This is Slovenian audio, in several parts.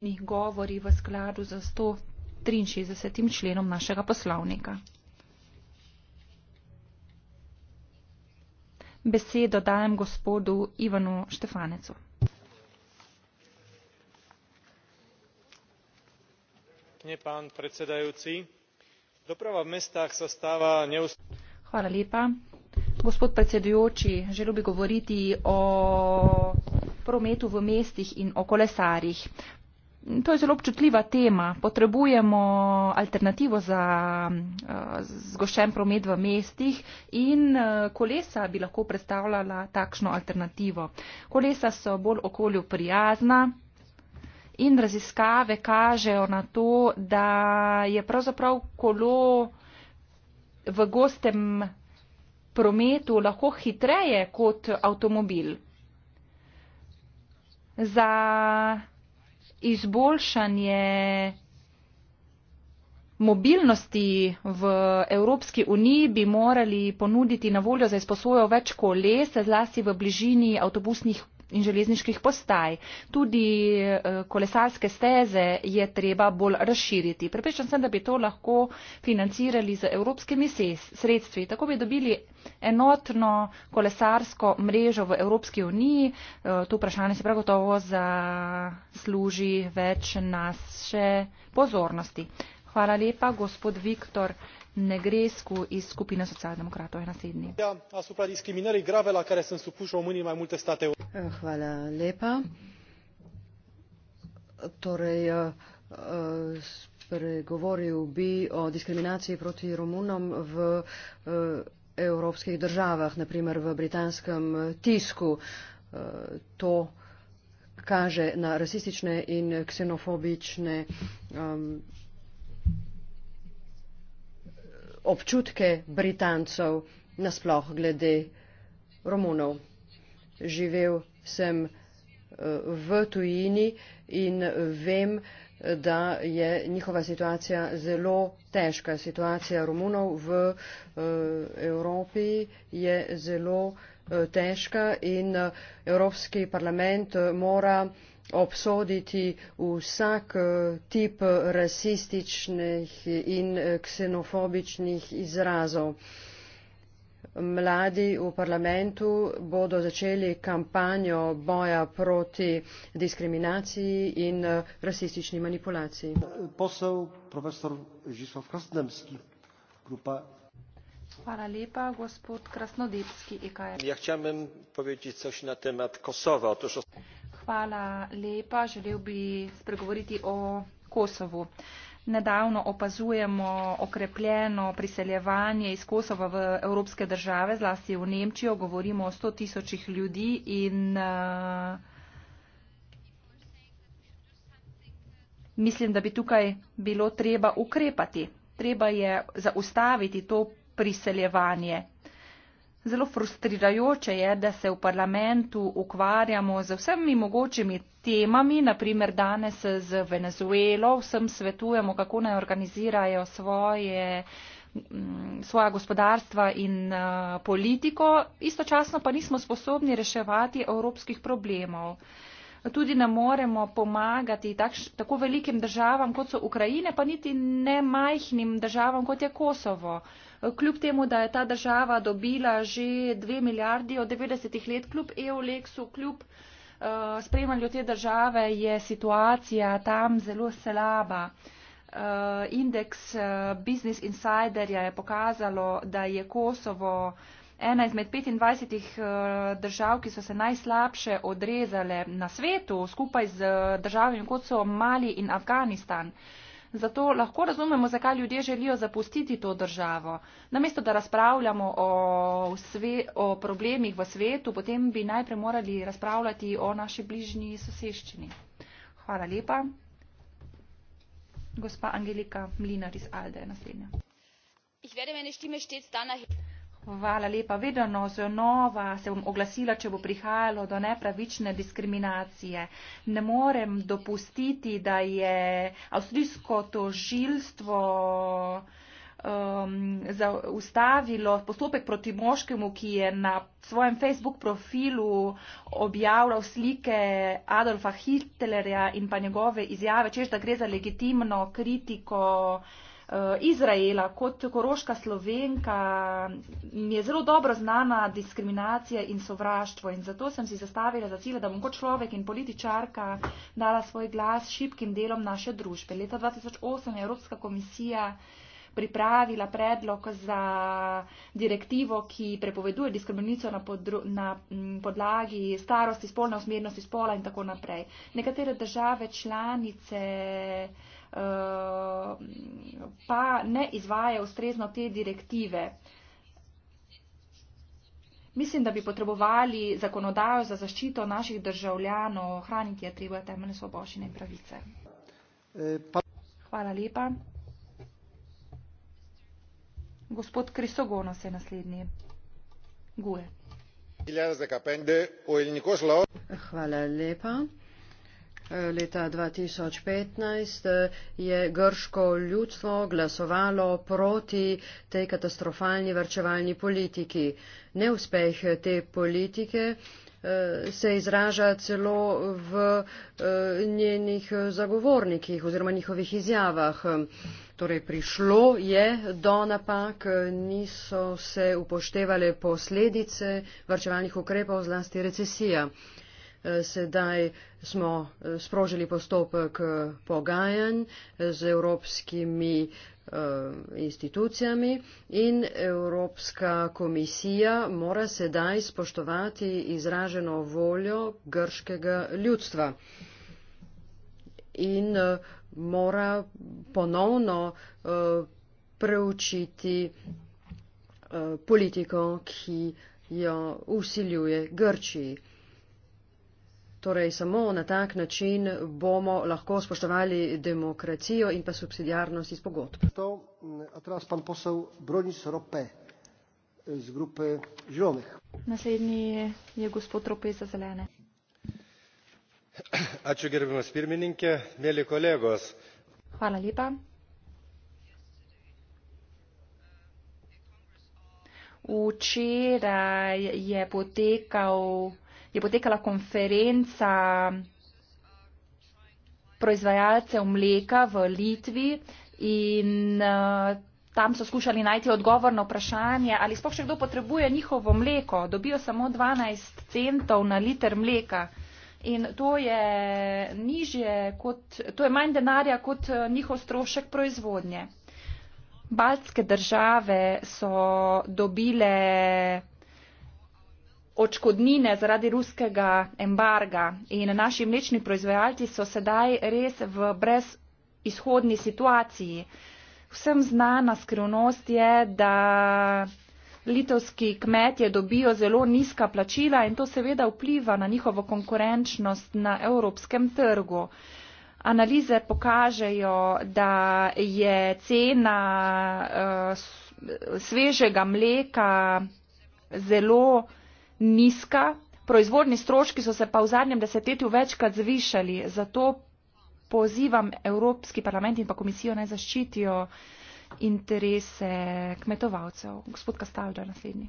ni govori v skladu za 163. členom našega poslovnika. Besedo dajem gospodu Ivanu Štefanecu. Pan predsedajoci, doprava v mestah se stava neustavljena. Hvala lepa. Gospod predsedujoči, želel bi govoriti o prometu v mestih in o kolesarjih. To je zelo občutljiva tema. Potrebujemo alternativo za uh, eh, zgošen promet v mestih in uh, kolesa bi lahko predstavljala takšno alternativo. Kolesa so bolj okolju prijazna in raziskave kažejo na to, da je pravzaprav kolo v gostem prometu lahko hitreje kot avtomobil. Za izboljšanje mobilnosti v Evropski uniji bi morali ponuditi na voljo za izposojo več koles, zlasti v bližini avtobusnih in železniških postaj, tudi eh, kolesarske steze je treba bolj razširiti. Prepričan sem, da bi to lahko financirali z evropskimi sredstvi. Tako bi dobili enotno kolesarsko mrežo v Evropski uniji. Eh, to vprašanje se prav gotovo zasluži več naše pozornosti. Hvala lepa, gospod Viktor negrescu iz skupine socialdemokratov je naslednji. asupra ja, diskriminării grave la care sunt supuși românii în mai multe state eh, torej, eh, eh, spregovoril bi o diskriminaciji proti Romunom v evropskih državah, naprimer v britanskem tisku. To kaže na rasistične in ksenofobične um, občutke Britancov nasploh glede Romunov. Živel sem eh, v tujini in vem, da je njihova situacija zelo težka. Situacija Romunov v eh, Evropi je zelo eh, težka in Evropski parlament mora obsoditi vsak eh, tip rasističnih in eh, ksenofobičnih izrazov. Mladi v parlamentu bodo začeli kampanjo boja proti diskriminaciji in eh, rasistični manipulaciji. Posel profesor Žislav Krasnemski, grupa. Hvala lepa, gospod Krasnodebski, IKR. E ja, htjamem povedati coš na temat Kosova. Otož... Hvala lepa. Želel bi spregovoriti o Kosovu. Nedavno opazujemo okrepljeno priseljevanje iz Kosova v evropske države, zlasti v Nemčijo, govorimo o 100 tisočih ljudi in eh, mislim, da bi tukaj bilo treba ukrepati. Treba je zaustaviti to priseljevanje. Zelo frustrirajoče je, da se v parlamentu ukvarjamo z vsemi mogočimi temami, naprimer danes z Venezuelo, vsem svetujemo, kako naj organizirajo svoje, mm, svoja gospodarstva in eh, politiko, istočasno pa nismo sposobni reševati evropskih problemov tudi ne moremo pomagati takš, tako velikim državam, kot so Ukrajine, pa niti ne majhnim državam, kot je Kosovo. Kljub temu, da je ta država dobila že 2 milijardi od 90 let, kljub EOLEX-u, kljub uh, eh, spremljanju te države, je situacija tam zelo slaba. Uh, indeks uh, Business Insiderja je pokazalo, da je Kosovo uh, ena izmed 25 eh, držav, ki so se najslabše odrezale na svetu, skupaj z eh, državami, kot so Mali in Afganistan. Zato lahko razumemo, zakaj ljudje želijo zapustiti to državo. Namesto, da razpravljamo o, sve, o problemih v svetu, potem bi najprej morali razpravljati o naši bližnji soseščini. Hvala lepa. Gospa Angelika Mlinar iz Alde je naslednja. Ich werde meine Stimme stets danach. Hvala lepa. Vedno no, znova se bom oglasila, če bo prihajalo do nepravične diskriminacije. Ne morem dopustiti, da je avstrijsko tožilstvo um, zaustavilo postopek proti moškemu, ki je na svojem Facebook profilu objavljal slike Adolfa Hitlerja in pa njegove izjave, čež da gre za legitimno kritiko. Eh, Izraela kot koroška slovenka mi je zelo dobro znana diskriminacija in sovraštvo in zato sem si zastavila za cilj, da bom kot človek in političarka dala svoj glas šipkim delom naše družbe. Leta 2008 je Evropska komisija pripravila predlog za direktivo, ki prepoveduje diskriminacijo na, na podlagi starosti, spolne usmernosti, spola in tako naprej. Nekatere države članice Eh, pa ne izvaja ustrezno te direktive. Mislim, da bi potrebovali zakonodajo za zaščito naših državljanov, ohraniti je treba temeljne svobošine in pravice. Hvala lepa. Gospod Krisogono se naslednji. Guje. Hvala lepa leta 2015 eh, je grško ljudstvo glasovalo proti tej katastrofalni varčevalni politiki. Neuspeh te politike eh, se izraža celo v eh, njenih zagovornikih oziroma njihovih izjavah. Torej prišlo je do napak, niso se upoštevale posledice varčevalnih ukrepov, zlasti recesija. Eh, sedaj smo eh, sprožili postopek eh, pogajanj z evropskimi institucijami in Evropska komisija mora sedaj spoštovati izraženo voljo grškega ljudstva in mora ponovno preučiti politiko, ki jo usiljuje Grčiji. Torej, samo na tak način bomo lahko spoštovali demokracijo in pa subsidijarnost iz pogodb. Naslednji je gospod Rope za zelene. Ačiū gerbiamas pirmininkė, mėly kolegos. Hvala lepa. Včeraj je potekal je potekala konferenca proizvajalcev mleka v Litvi in uh, tam so skušali najti odgovor na vprašanje, ali sploh še kdo potrebuje njihovo mleko. Dobijo samo 12 centov na liter mleka in to je nižje, kot, to je manj denarja kot eh, njihov strošek proizvodnje. Baltske države so dobile odškodnine zaradi ruskega embarga in naši mlečni proizvajalci so sedaj res v brezizhodni situaciji. Vsem znana skrivnost je, da litovski kmetje dobijo zelo nizka plačila in to seveda vpliva na njihovo konkurenčnost na evropskem trgu. Analize pokažejo, da je cena eh, svežega mleka zelo nizka, proizvodni stroški so se pa v zadnjem desetletju večkrat zvišali. Zato pozivam Evropski parlament in pa komisijo naj zaščitijo interese kmetovalcev. Gospod Kastalda, naslednji.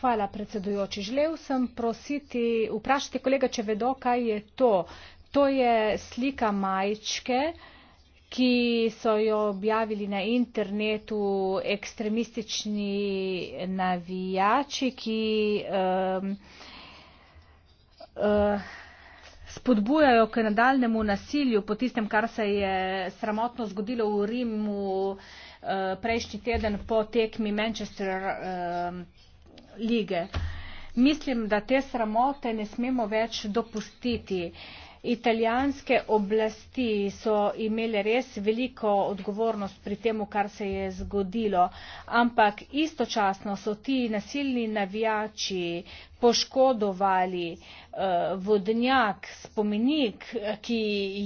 Hvala, predsedujoči. Želel sem prositi, vprašati kolega, če vedo, kaj je to. To je slika majčke ki so jo objavili na internetu ekstremistični navijači, ki uh, uh, spodbujajo k nadaljnemu nasilju po tistem, kar se je sramotno zgodilo v Rimu uh, prejšnji teden po tekmi Manchester uh, lige. Mislim, da te sramote ne smemo več dopustiti. Uh, italijanske oblasti so imele res veliko odgovornost pri tem kar se je zgodilo ampak istočasno so ti nasilni navijači poškodovali eh, vodnjak spomenik eh, ki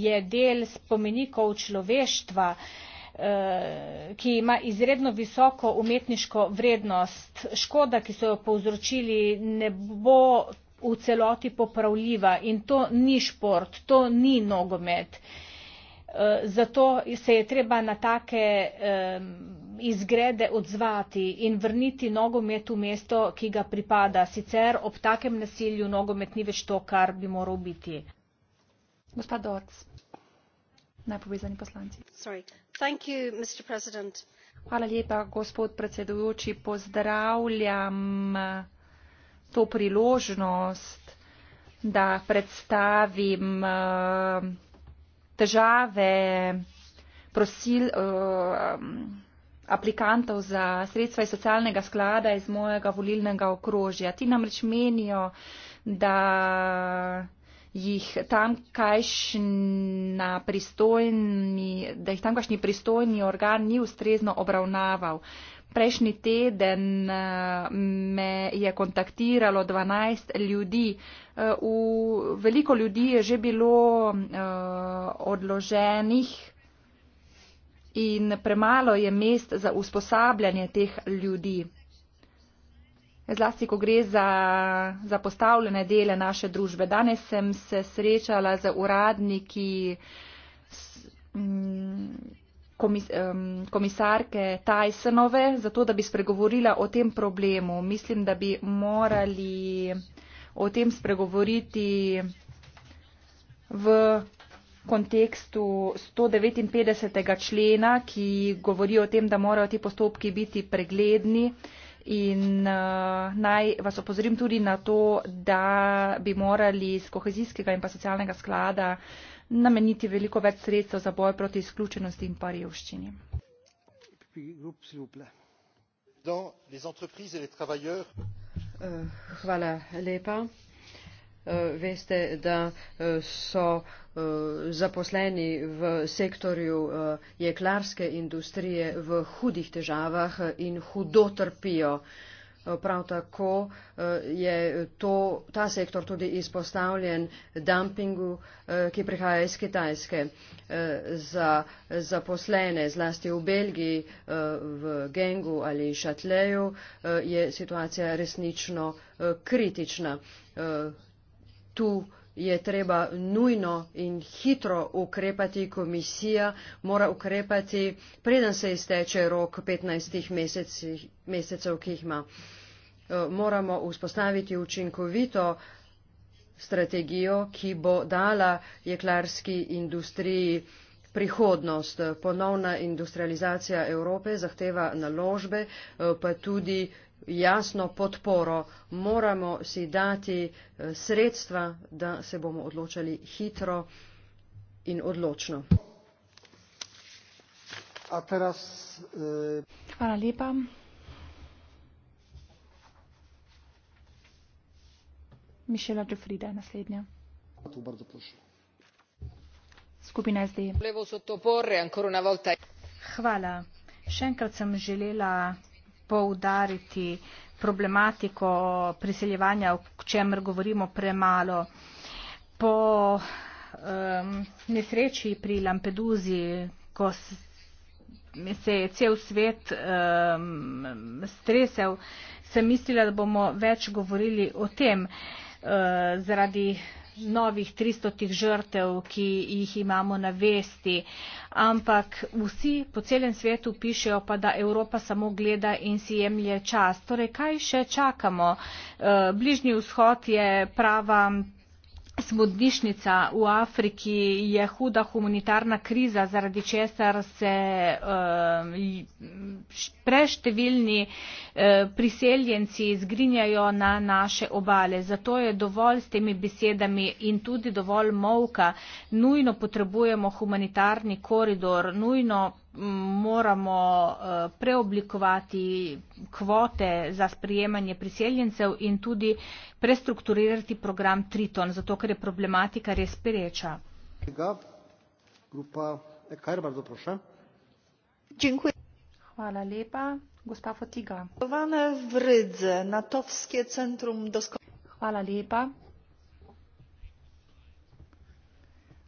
je del spomenikov človeštva eh, ki ima izredno visoko umetniško vrednost škoda ki so jo povzročili ne bo v celoti popravljiva in to ni šport, to ni nogomet. Eh, zato se je treba na take izgrede odzvati in vrniti nogomet v mesto, ki ga pripada. Sicer ob takem nasilju nogomet ni več to, kar bi moral biti. Gospa Doc, najpovezani poslanci. Sorry. Thank you, Mr. President. Hvala lepa, gospod predsedujoči. Pozdravljam to priložnost, da predstavim eh, težave prosil, eh, aplikantov za sredstva iz socialnega sklada iz mojega volilnega okrožja. Ti namreč menijo, da jih tam kajšna pristojni, da jih tamkajšnji pristojni organ ni ustrezno obravnaval. Prejšnji teden eh, me je kontaktiralo 12 ljudi. Eh, v veliko ljudi je že bilo eh, odloženih in premalo je mest za usposabljanje teh ljudi. Zlasti, ko gre za, za postavljene dele naše družbe. Danes sem se srečala z uradniki. S, mm, komis, um, komisarke Tysonove, zato da bi spregovorila o tem problemu. Mislim, da bi morali o tem spregovoriti v kontekstu 159. člena, ki govori o tem, da morajo ti postopki biti pregledni. In uh, naj vas opozorim tudi na to, da bi morali iz kohezijskega in pa socialnega sklada uh, nameniti veliko več sredstev za boj proti izključenosti in pa revščini. Eh, eh, veste da eh, so zaposleni v sektorju jeklarske industrije v hudih težavah in hudo trpijo. Prav tako eh, je to, ta sektor tudi izpostavljen dumpingu, eh, ki prihaja iz Kitajske eh, za zaposlene, zlasti v Belgiji, v Gengu ali Šatleju, je situacija resnično kritična. Tu je treba nujno in hitro ukrepati, komisija mora ukrepati, preden se izteče rok 15 mesecih, mesecev, ki jih ima. Eh, moramo vzpostaviti učinkovito strategijo, ki bo dala jeklarski industriji prihodnost. Ponovna industrializacija Evrope zahteva naložbe, eh, pa tudi jasno podporo. Moramo si dati eh, sredstva, da se bomo odločali hitro in odločno. Teraz, eh... Hvala lepa. Mišela Džofrida je naslednja. Skupina SD. Hvala. Še enkrat sem želela poudariti problematiko priseljevanja, o čemer govorimo premalo. Po um, nesreči pri Lampeduzi, ko se je cel svet um, stresel, sem mislila, da bomo več govorili o tem uh, zaradi novih 300 žrtev, ki jih imamo na vesti. Ampak vsi po celem svetu pišejo pa, da Evropa samo gleda in si jemlje čas. Torej, kaj še čakamo? Eh, Bližnji vzhod je prava smodnišnica v Afriki je huda humanitarna kriza, zaradi česar se uh, preštevilni uh, priseljenci zgrinjajo na naše obale. Zato je dovolj s temi besedami in tudi dovolj molka. Nujno potrebujemo humanitarni koridor, nujno moramo eh, preoblikovati kvote za sprejemanje priseljencev in tudi prestrukturirati program Triton, zato ker je problematika res pereča. Hvala lepa. Gospa Fotiga. Hvala lepa.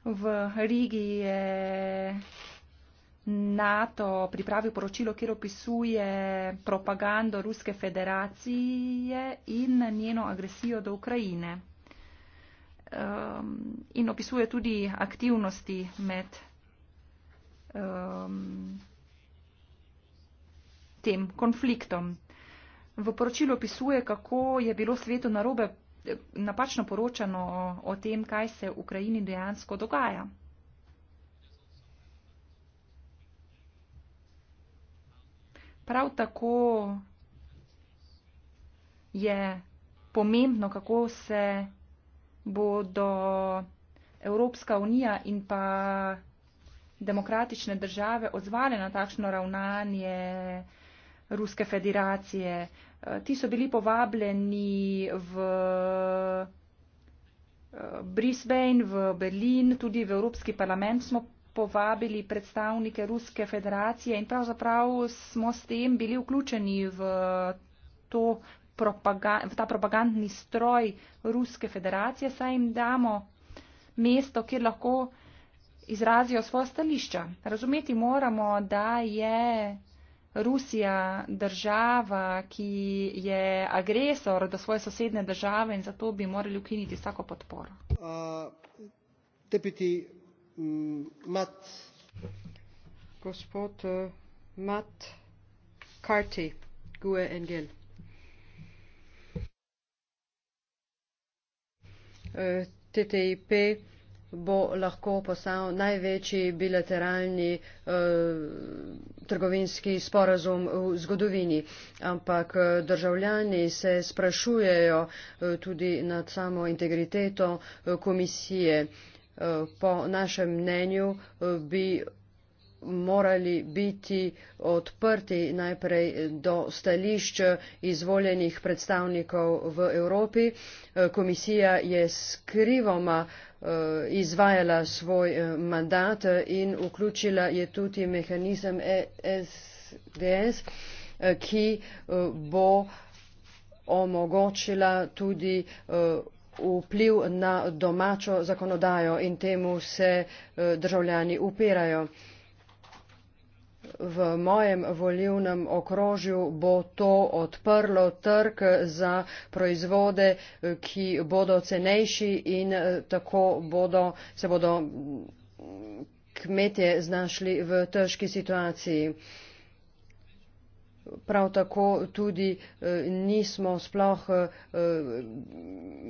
V Rigi je NATO pripravil poročilo, kjer opisuje propagando Ruske federacije in njeno agresijo do Ukrajine. Um, in opisuje tudi aktivnosti med um, tem konfliktom. V poročilu opisuje, kako je bilo svetu narobe napačno poročano o, o tem, kaj se v Ukrajini dejansko dogaja. Prav tako je pomembno, kako se bodo Evropska unija in pa demokratične države odzvale na takšno ravnanje Ruske federacije. Eh, ti so bili povabljeni v eh, Brisbane, v Berlin, tudi v Evropski parlament smo povabili predstavnike Ruske federacije in pravzaprav smo s tem bili vključeni v, propaga v ta propagandni stroj Ruske federacije, saj jim damo mesto, kjer lahko izrazijo svoje stališča. Razumeti moramo, da je Rusija država, ki je agresor do svoje sosedne države in zato bi morali ukiniti vsako podporo. Uh, Mm, Matt. Gospod uh, Matt Carty, Gue Engel. Uh, eh, TTIP bo lahko postal največji bilateralni uh, trgovinski sporazum v zgodovini. Ampak uh, državljani se sprašujejo uh, tudi nad samo integriteto uh, komisije. Uh, po našem mnenju eh, bi morali biti odprti najprej do stališč izvoljenih predstavnikov v Evropi. Eh, komisija je skrivoma eh, izvajala svoj mandat in vključila je tudi mehanizem ESDS, ki bo omogočila tudi vpliv na domačo zakonodajo in temu se eh, državljani upirajo. V mojem volivnem okrožju bo to odprlo trg za proizvode, eh, ki bodo cenejši in eh, tako bodo, se bodo mm, kmetje znašli v težki situaciji prav tako tudi eh, nismo sploh eh,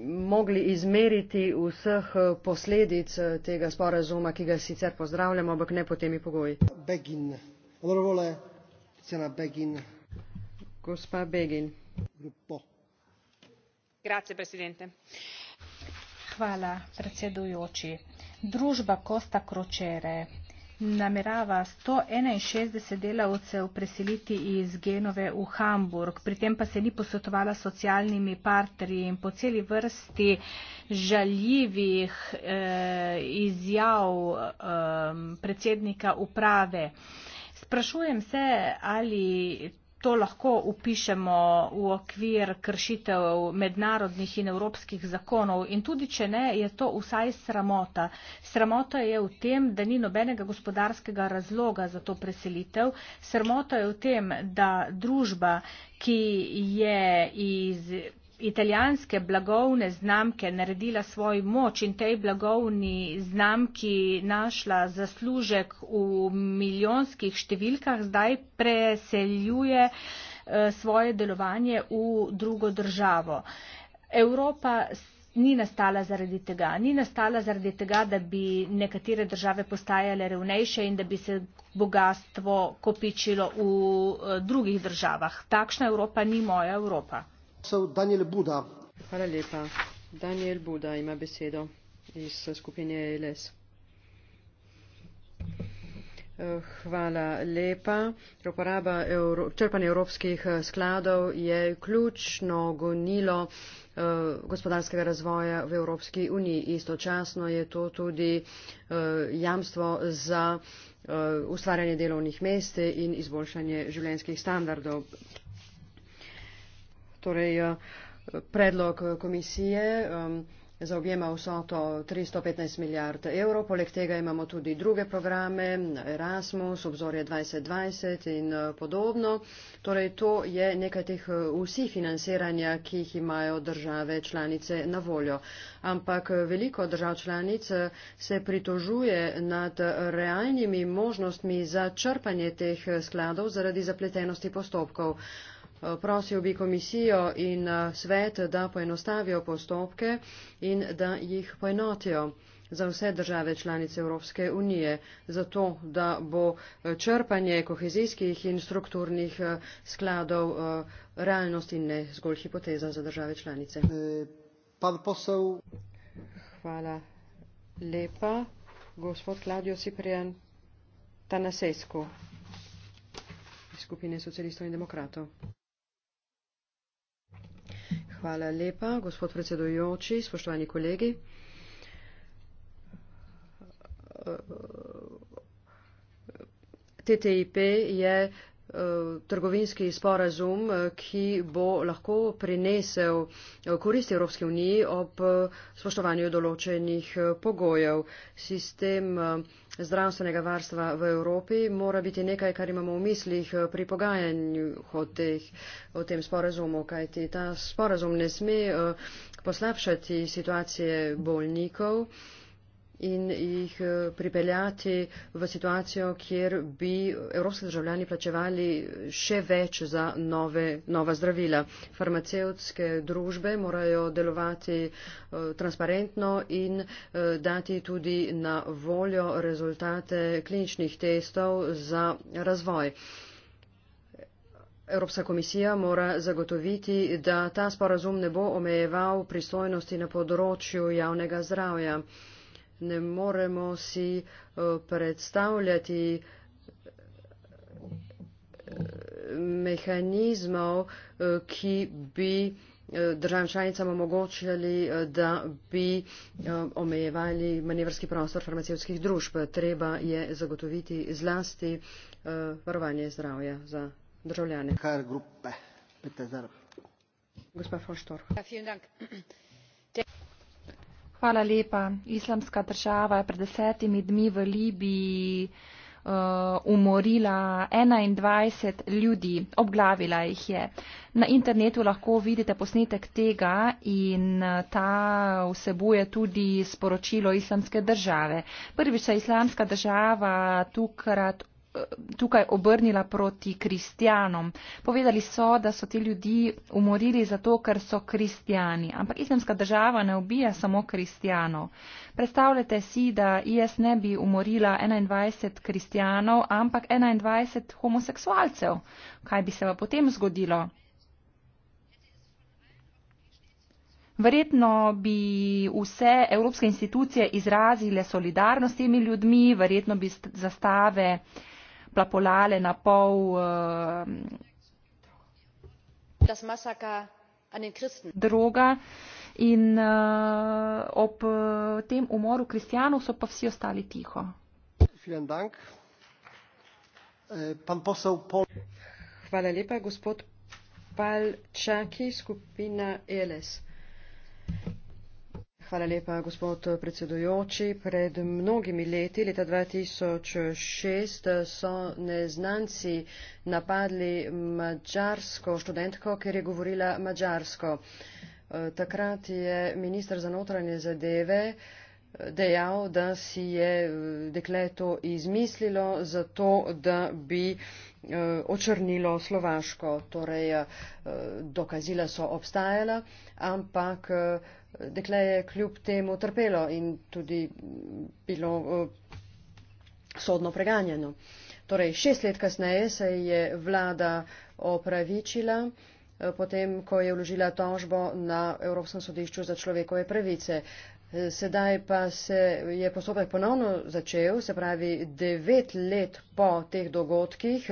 mogli izmeriti vseh eh, posledic tega sporazuma, ki ga sicer pozdravljamo, ampak ne po temi pogoji. Begin. Honorable, cena Begin. Gospa Begin. Gruppo. Grazie, presidente. Hvala, predsedujoči. Družba Costa Crociere namerava 161 delavcev preseliti iz Genove v Hamburg. Pri tem pa se ni posvetovala s socialnimi partnerji in po celi vrsti žaljivih eh, izjav eh, predsednika uprave. Sprašujem se, ali to lahko upišemo v okvir kršitev mednarodnih in evropskih zakonov in tudi, če ne, je to vsaj sramota. Sramota je v tem, da ni nobenega gospodarskega razloga za to preselitev. Sramota je v tem, da družba, ki je iz italijanske blagovne znamke naredila svoj moč in tej blagovni znamki našla zaslužek v milijonskih številkah, zdaj preseljuje eh, svoje delovanje v drugo državo. Evropa ni nastala zaradi tega. Ni nastala zaradi tega, da bi nekatere države postajale revnejše in da bi se bogatstvo kopičilo v eh, drugih državah. Takšna Evropa ni moja Evropa poslancev Daniel Buda. Hvala lepa. Daniel Buda ima besedo iz skupine LS. Eh, hvala lepa. Evro, črpanje evropskih eh, skladov je ključno gonilo eh, gospodarskega razvoja v Evropski uniji. Istočasno je to tudi jamstvo za ustvarjanje delovnih mest in izboljšanje življenjskih standardov torej eh, predlog eh, komisije zaobjema vso to 315 milijard evrov, poleg tega imamo tudi druge programe, Erasmus, obzorje 2020 in eh, podobno. Torej to je nekaj teh vsi financiranja, ki jih imajo države članice na voljo. Ampak veliko držav članic se pritožuje nad realnimi možnostmi za črpanje teh skladov zaradi zapletenosti postopkov. Prosil bi komisijo in eh, svet, da poenostavijo postopke in da jih poenotijo za vse države članice Evropske unije, zato da bo eh, črpanje kohezijskih in strukturnih eh, skladov realnost in ne zgolj hipoteza za države članice. Hvala lepa. Gospod Kladio Ciprijan Tanasesko iz skupine socialistov in demokratov. Hvala lepa, gospod predsedujoči, spoštovani kolegi. TTIP je Eh, trgovinski sporazum, eh, ki bo lahko prinesel eh, koristi Evropske unije ob spoštovanju določenih pogojev. Sistem zdravstvenega varstva v Evropi mora biti nekaj, kar imamo v mislih pri pogajanju o, teh, o tem sporazumu, kajti ta sporazum ne sme poslabšati situacije bolnikov in jih eh, pripeljati v situacijo, kjer bi evropski državljani plačevali še več za nove, nova zdravila. Farmaceutske družbe morajo delovati eh, transparentno in eh, dati tudi na voljo rezultate kliničnih testov za razvoj. Evropska komisija mora zagotoviti, da ta sporazum ne bo omejeval pristojnosti na področju javnega zdravja ne moremo si eh, predstavljati eh, mehanizmov, eh, ki bi državam članicam omogočali, da bi omejevali manevrski prostor farmacevskih družb. Treba je zagotoviti zlasti varovanje zdravja za državljane. Gospa Foštor. Ja, Hvala lepa. Islamska država je pred desetimi dmi v Libiji uh, umorila 21 ljudi, obglavila jih je. Na internetu lahko vidite posnetek tega in uh, ta vsebuje tudi sporočilo islamske države. Prvič se islamska država tukrat tukaj obrnila proti kristjanom. Povedali so, da so ti ljudi umorili zato, ker so kristjani, ampak islamska država ne ubija samo kristjanov. Predstavljate si, da IS ne bi umorila 21 kristjanov, ampak 21 homoseksualcev. Kaj bi se pa potem zgodilo? Verjetno bi vse evropske institucije izrazile solidarnost s temi ljudmi, verjetno bi zastave eh, plapolale na pol uh, droga. In uh, ob uh, tem umoru kristijanov so pa vsi ostali tiho. Hvala lepa, gospod Palčaki, skupina ELS. Hvala lepa, gospod predsedujoči. Pred mnogimi leti, leta 2006, so neznanci napadli mačarsko študentko, ker je govorila mačarsko. Takrat je ministr za notranje zadeve dejal, da si je dekle to izmislilo, zato da bi eh, očrnilo Slovaško. Torej, eh, dokazila so obstajala, ampak eh, dekle je kljub temu trpelo in tudi bilo eh, sodno preganjeno. Torej, šest let kasneje se je vlada opravičila, eh, potem ko je vložila tožbo na Evropskem sodišču za človekove pravice. Eh, sedaj pa se je postopek ponovno začel, se pravi devet let po teh dogodkih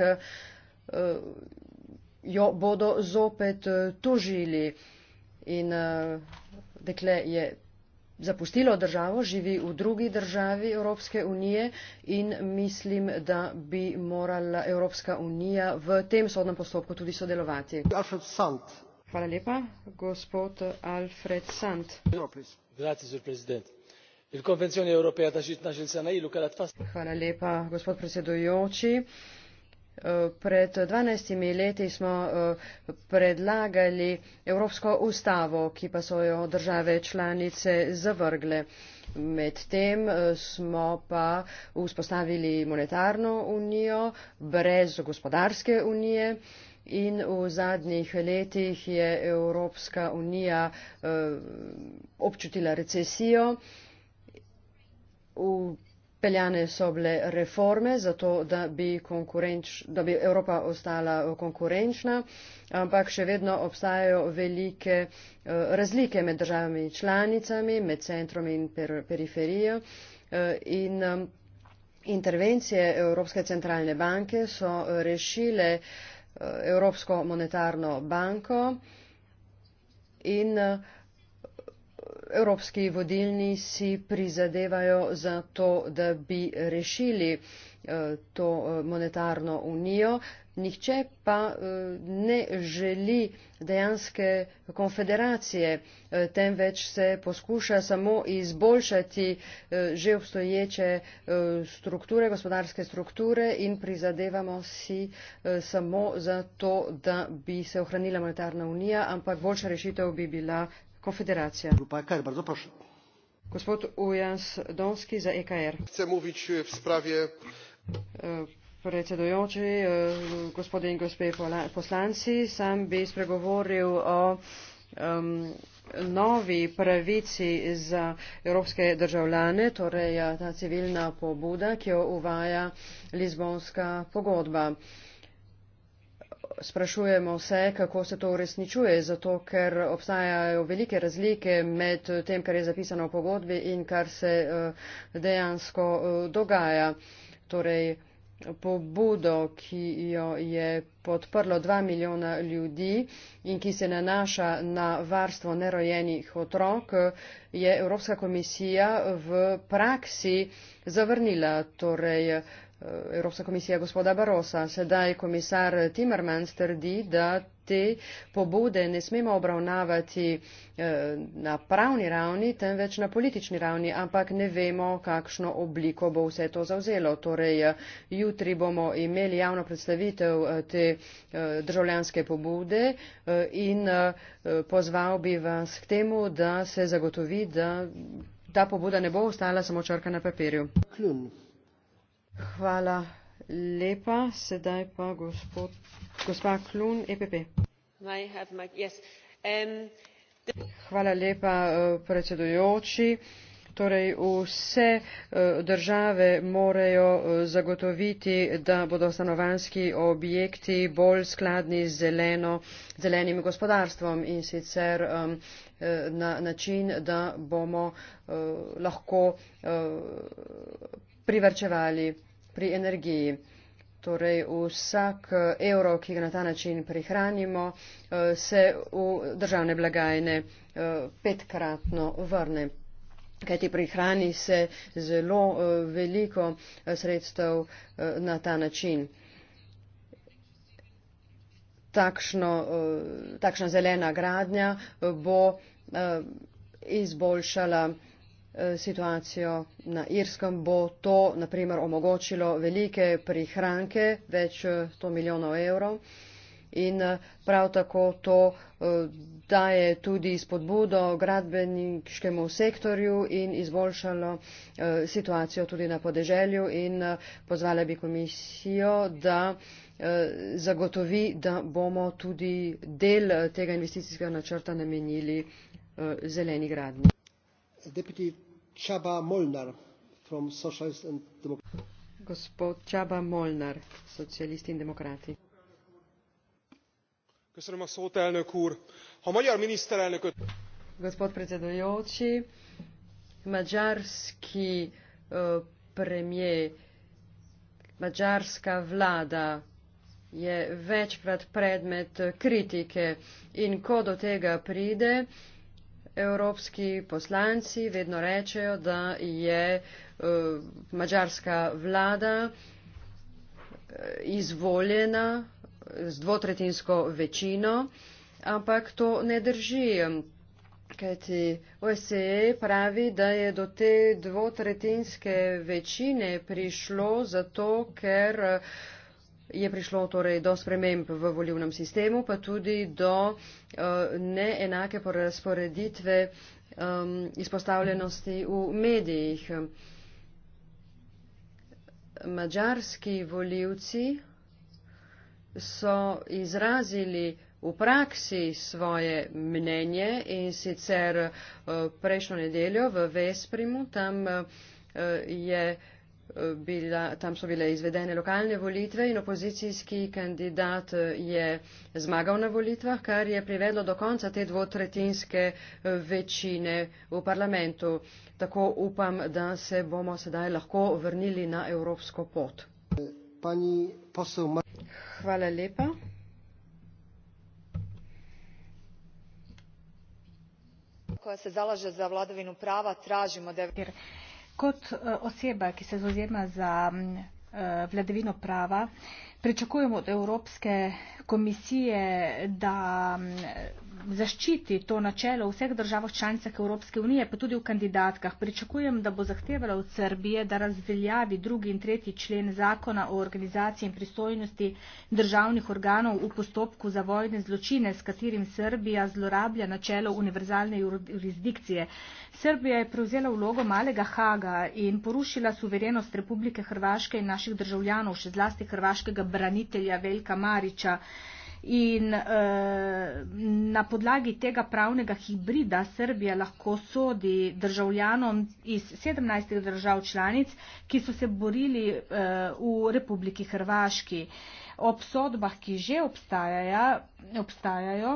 jo bodo zopet tužili. In dekle je zapustilo državo, živi v drugi državi Evropske unije in mislim, da bi morala Evropska unija v tem sodnem postopku tudi sodelovati. Hvala lepa, gospod Alfred Sant. Hvala lepa, gospod predsedujoči. Pred 12 leti smo eh, predlagali Evropsko ustavo, ki pa so jo države članice zavrgle. Medtem eh, smo pa vzpostavili monetarno unijo brez gospodarske unije in v zadnjih letih je Evropska unija eh, občutila recesijo. Peljane so bile reforme, zato da bi, da bi Evropa ostala eh, konkurenčna, ampak še vedno obstajajo velike eh, razlike med državami članicami, med centrom in per, periferijo. Eh, in um, intervencije Evropske centralne banke so rešile Evropsko monetarno banko in evropski vodilni si prizadevajo za to, da bi rešili eh, to eh, monetarno unijo. Nihče pa eh, ne želi dejanske konfederacije, temveč se poskuša samo izboljšati že obstoječe strukture, gospodarske strukture in prizadevamo si samo za to, da bi se ohranila monetarna unija, ampak boljša rešitev bi bila konfederacja. Gospod Ujans Donski za EKR. Chcę mówić e, w sprawie e, predsedujoči, e, gospodin in gospe poslanci, sam bi spregovoril o um, novi pravici za evropske državljane, torej ja, ta civilna pobuda, ki jo uvaja Lizbonska pogodba. Um, sprašujemo se, kako se to uresničuje, zato ker obstajajo velike razlike med tem, kar je zapisano v pogodbi in kar se eh, dejansko eh, dogaja. Torej, pobudo, ki jo je podprlo dva milijona ljudi in ki se nanaša na varstvo nerojenih otrok, je Evropska komisija v praksi zavrnila. Torej, Eh, Evropska komisija gospoda Barosa. Sedaj komisar Timmermans trdi, da te pobude ne smemo obravnavati eh, na pravni ravni, temveč na politični ravni, ampak ne vemo, kakšno obliko bo vse to zavzelo. Torej, eh, jutri bomo imeli javno predstavitev te državljanske pobude in pozval bi vas k temu, da se zagotovi, da ta pobuda ne bo ostala samo črka na papirju. Klun. Hvala lepa. Sedaj pa gospod, gospa Klun, EPP. Um, Hvala lepa, eh, predsedujoči. Torej, vse eh, države morajo eh, zagotoviti, da bodo stanovanski objekti bolj skladni z zeleno, zelenim gospodarstvom in sicer na način, da bomo lahko privrčevali pri energiji. Torej, vsak eh, evro, ki ga na ta način prihranimo, eh, se v državne blagajne eh, petkratno vrne. Kaj ti prihrani se zelo veliko sredstev na ta način. Takšno, takšna zelena gradnja bo izboljšala Eh, situacijo na Irskem, bo to naprimer omogočilo velike prihranke, več 100 eh, milijonov evrov. In eh, prav tako to daje tudi spodbudo gradbeniškemu sektorju in izboljšalo situacijo tudi na podeželju in pozvala bi komisijo, da zagotovi, da bomo tudi del tega investicijskega načrta namenili zeleni gradni. Deputy Čaba Molnar, from Socialist and Democrat. Gospod Čaba Molnar, socialisti in demokrati. Köszönöm a szót, elnök úr. Ha magyar miniszterelnököt... Gospod predsedujúci, magyarski uh, premier, magyarska vlada je večkrat predmet kritike in ko do tega pride, uh, evropski poslanci vedno rečejo, da je eh, mađarska vlada eh, izvoljena eh, z dvotretinsko večino, ampak to ne drži. Kajti OSCE pravi, da je do te dvotretinske večine prišlo zato, ker uh, je prišlo torej do sprememb v volivnem sistemu, pa tudi do eh, neenake porazporeditve izpostavljenosti v medijih. Mačarski voljivci so izrazili v praksi svoje mnenje in sicer eh, prejšnjo nedeljo v Vesprimu, tam eh, je bila, tam so bile izvedene lokalne volitve in opozicijski kandidat eh, je zmagal na volitvah, kar je privedlo do konca te dvotretinske eh, večine v parlamentu. Tako upam, da se bomo sedaj lahko vrnili na evropsko pot. Hvala lepa. koja se zalaže za vladavinu prava, tražimo da... Kot eh, oseba, ki se zauzema za mm, eh, vladavino prava, pričakujemo od Evropske komisije, da mm, zaščiti to načelo v vseh državah članicah Evropske unije, pa tudi v kandidatkah. Pričakujem, da bo zahtevala od Srbije, da razveljavi drugi in tretji člen zakona o organizaciji in pristojnosti državnih organov v postopku za vojne zločine, s katerim Srbija zlorablja načelo univerzalne jurisdikcije. Srbija je prevzela vlogo malega haga in porušila suverenost Republike Hrvaške in naših državljanov, še zlasti Hrvaškega branitelja Velika Mariča. In eh, na podlagi tega pravnega hibrida Srbija lahko sodi državljanom iz 17 držav članic, ki so se borili eh, v Republiki Hrvaški. Ob sodbah, ki že obstajajo, obstajajo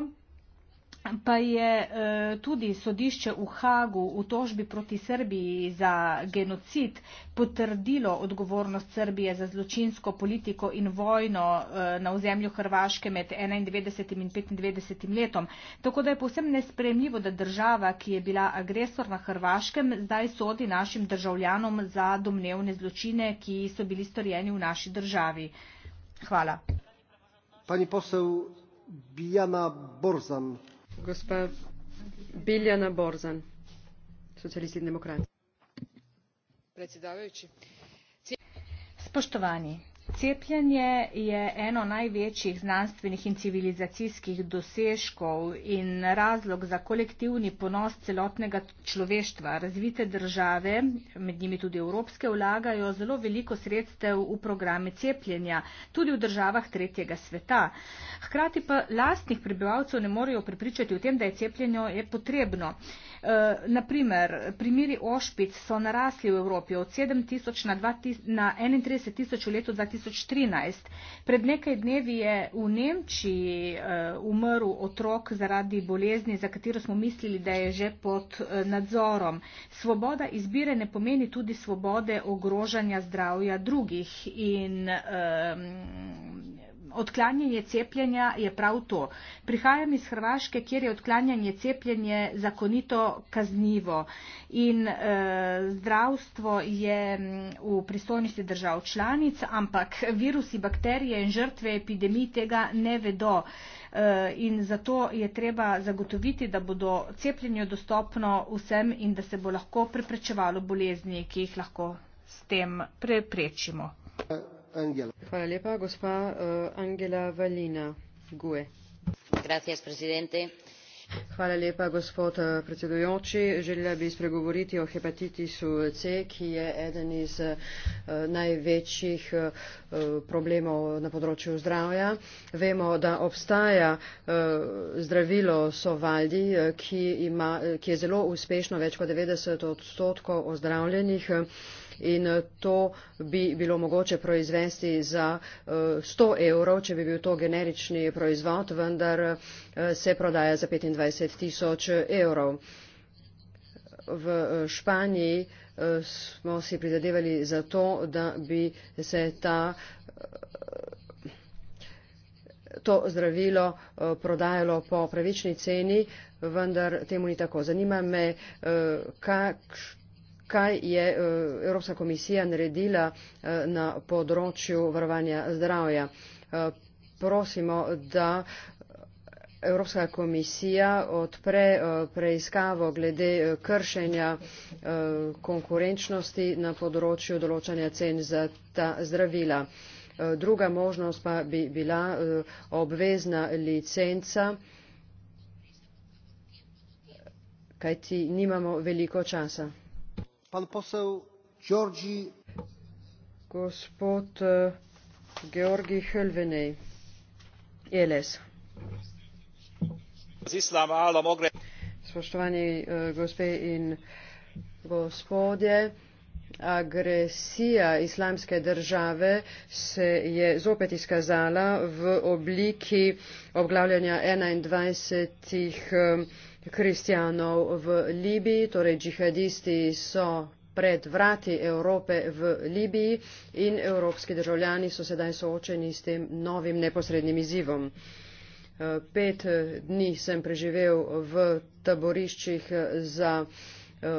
Pa je e, tudi sodišče v Hagu v tožbi proti Srbiji za genocid potrdilo odgovornost Srbije za zločinsko politiko in vojno e, na ozemlju Hrvaške med 91 in 95 letom. Tako da je povsem nespremljivo, da država, ki je bila agresor na Hrvaškem, zdaj sodi našim državljanom za domnevne zločine, ki so bili storjeni v naši državi. Hvala. Pani posel Bijana Borzan. Gospa Biljana Borzan, socialisti in demokrati. Spoštovani, Cepljenje je eno največjih znanstvenih in civilizacijskih dosežkov in razlog za kolektivni ponos celotnega človeštva. Razvite države, med njimi tudi evropske, vlagajo zelo veliko sredstev v programe cepljenja, tudi v državah tretjega sveta. Hkrati pa lastnih prebivalcev ne morejo prepričati v tem, da je cepljenje potrebno. Uh, Eh, naprimer, primiri ošpic so narasli v Evropi od 7 tisoč na, na 31 tisoč v letu 2013. Pred nekaj dnevi je v Nemčiji eh, umrl otrok zaradi bolezni, za katero smo mislili, da je že pod eh, nadzorom. Svoboda izbire ne pomeni tudi svobode ogrožanja zdravja drugih in um, odklanjanje cepljenja je prav to. Prihajam iz Hrvaške, kjer je odklanjanje cepljenje zakonito kaznivo in e, zdravstvo je mm, v pristojnosti držav članic, ampak virusi, bakterije in žrtve epidemij tega ne vedo. Eh, in zato je treba zagotoviti, da bodo cepljenje dostopno vsem in da se bo lahko preprečevalo bolezni, ki jih lahko s tem preprečimo. Angela. Hvala lepa, gospa uh, Angela Valina Gue. Gracias, presidente. Hvala lepa, gospod eh, predsedujoči. Želela bi spregovoriti o hepatitisu C, ki je eden iz eh, največjih problemov na področju zdravja. Vemo, da obstaja zdravilo Sovaldi, ki, ima, ki je zelo uspešno, več kot 90 odstotkov ozdravljenih in eh, to bi bilo mogoče proizvesti za 100 eh, evrov, če bi bil to generični proizvod, vendar eh, se prodaja za 25 tisoč evrov. V Španiji smo si prizadevali za to, da bi se ta, to zdravilo prodajalo po pravični ceni, vendar temu ni tako. Zanima me, kakšno kaj je eh, Evropska komisija naredila eh, na področju varovanja zdravja. Eh, prosimo, da Evropska komisija odpre preiskavo glede kršenja konkurenčnosti na področju določanja cen za ta zdravila. Druga možnost pa bi bila obvezna licenca, kajti nimamo veliko časa. Pan poseł Georgi... Gospod uh, Georgi Hölvenej. Jeles. Z Islama, ala mogre... Spoštovani uh, gospe in gospodje, agresija islamske države se je zopet izkazala v obliki obglavljanja 21. Uh, kristjanov v Libiji, torej džihadisti so pred vrati Evrope v Libiji in evropski državljani so sedaj soočeni s tem novim neposrednim izzivom. Eh, pet eh, dni sem preživel v taboriščih eh, za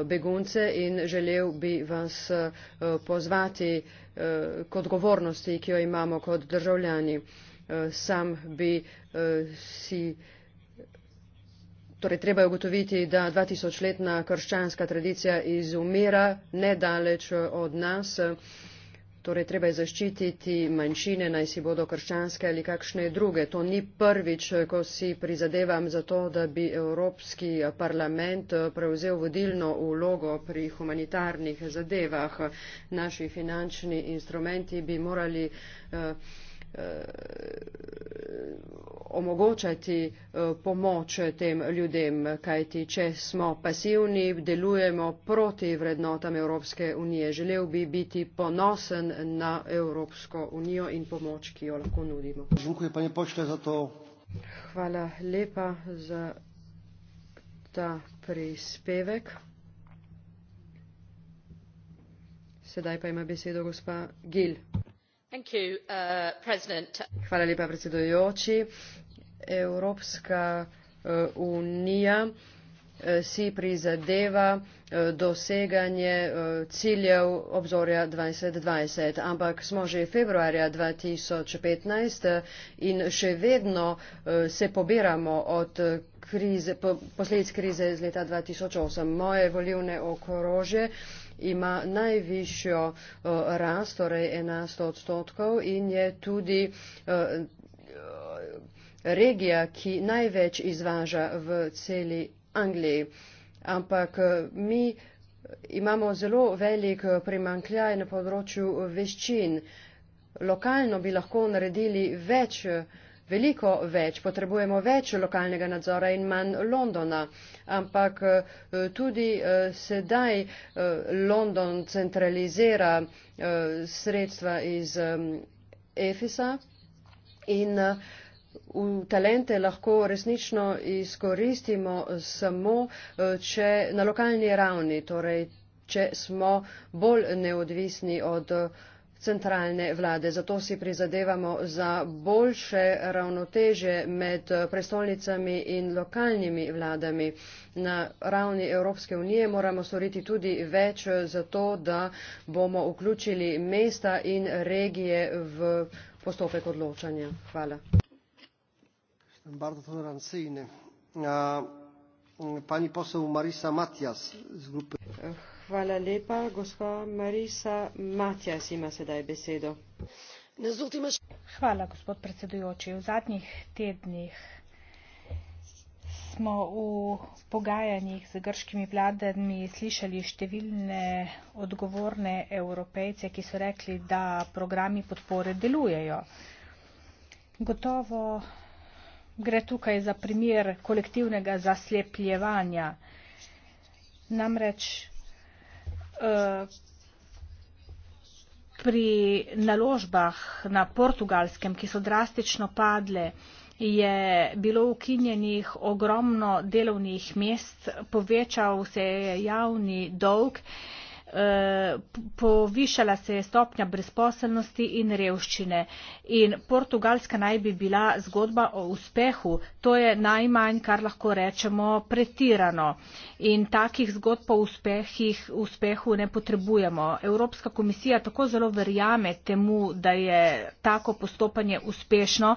begunce in želel bi vas pozvati k odgovornosti, ki jo imamo kot državljani. Sam bi si Torej, treba je ugotoviti, da 2000-letna krščanska tradicija izumira nedaleč eh, od nas. Torej, treba je zaščititi manjšine, naj si bodo krščanske ali kakšne druge. To ni prvič, eh, ko si prizadevam za to, da bi Evropski eh, parlament prevzel vodilno ulogo pri humanitarnih zadevah. Naši finančni instrumenti bi morali omogočati eh, pomoč tem ljudem, kajti če smo pasivni, delujemo proti vrednotam Evropske unije. Želel bi biti ponosen na Evropsko unijo in pomoč, ki jo lahko nudimo. Hvala lepa za ta prispevek. Sedaj pa ima besedo gospa Gil. Uh, evropska uh, unija uh, si prizadeva doseganje ciljev obzorja dvajset dvajset ampak smo že februarja dva tisoč petnajst in še vedno se pobiramo od krize, po, posledic krize iz leta dva tisoč osem moje volilne okrožje ima najvišjo eh, rast, torej 11 odstotkov in je tudi eh, regija, ki največ izvaža v celi Angliji. Ampak eh, mi imamo zelo velik primankljaj na področju veščin. Lokalno bi lahko naredili več veliko več, potrebujemo več lokalnega nadzora in manj Londona, ampak eh, tudi eh, sedaj eh, London centralizira sredstva iz EFISA in V talente lahko resnično izkoristimo samo, če na lokalni ravni, torej, če smo bolj neodvisni od uh, centralne vlade. Zato si prizadevamo za boljše ravnoteže med prestolnicami in lokalnimi vladami. Na ravni Evropske unije moramo storiti tudi več za to, da bomo vključili mesta in regije v postopek odločanja. Hvala. Pani posel Marisa Matjas z grupe. Eh, Hvala lepa. Gospa Marisa Matjas ima sedaj besedo. Hvala, gospod predsedujoči. V zadnjih tednih smo v pogajanjih z grškimi vladami slišali številne odgovorne evropejce, ki so rekli, da programi podpore delujejo. Gotovo gre tukaj za primer kolektivnega zaslepljevanja. Namreč Eh, pri naložbah na portugalskem, ki so drastično padle, je bilo ukinjenih ogromno delovnih mest, povečal se je javni dolg in Eh, povišala se je stopnja brezposelnosti in revščine. In Portugalska naj bi bila zgodba o uspehu, to je najmanj, kar lahko rečemo, pretirano. In takih zgodb o uspehih, uspehu ne potrebujemo. Evropska komisija tako zelo verjame temu, da je tako postopanje uspešno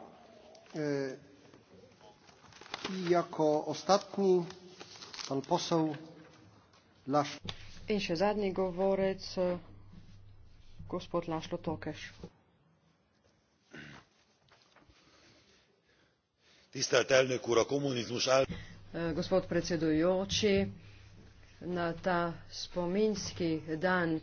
E, i jako ostatni pan poseł Laszlo. In še zadnji govorec, e, gospod Laszlo Tokeš. Tisztelt elnök úr, a kommunizmus áll... E, gospod predsedujoči, na ta spominski dan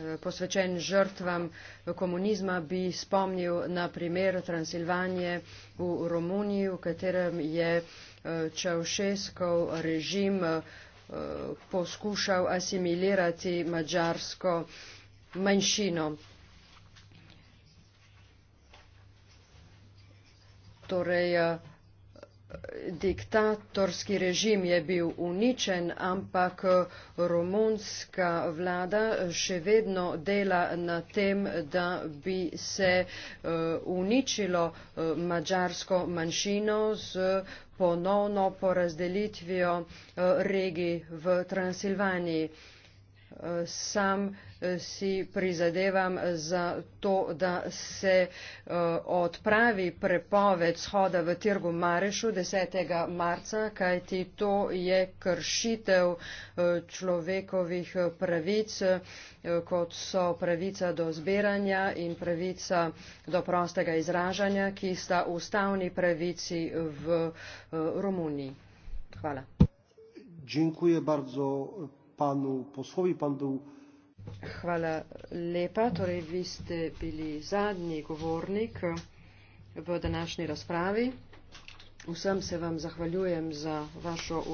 Eh, posvečen žrtvam komunizma, bi spomnil na primer Transilvanije v Romuniji, v katerem je eh, Čaušeskov režim eh, poskušal asimilirati mađarsko manjšino. Torej, diktatorski režim je bil uničen, ampak romunska vlada še vedno dela na tem, da bi se eh, uničilo eh, mađarsko manjšino z ponovno porazdelitvijo eh, regij v Transilvaniji sam eh, si prizadevam za to, da se eh, odpravi prepoved shoda v Trgu Marešu 10. marca, kajti to je kršitev eh, človekovih pravic, kot so pravica do zbiranja in pravica do prostega izražanja, ki sta ustavni pravici v Romuniji. Hvala. Dziękuję bardzo panu poslovi, pan Dov. Hvala lepa. Torej, vi ste bili zadnji govornik v današnji razpravi. Vsem se vam zahvaljujem za vašo učenje.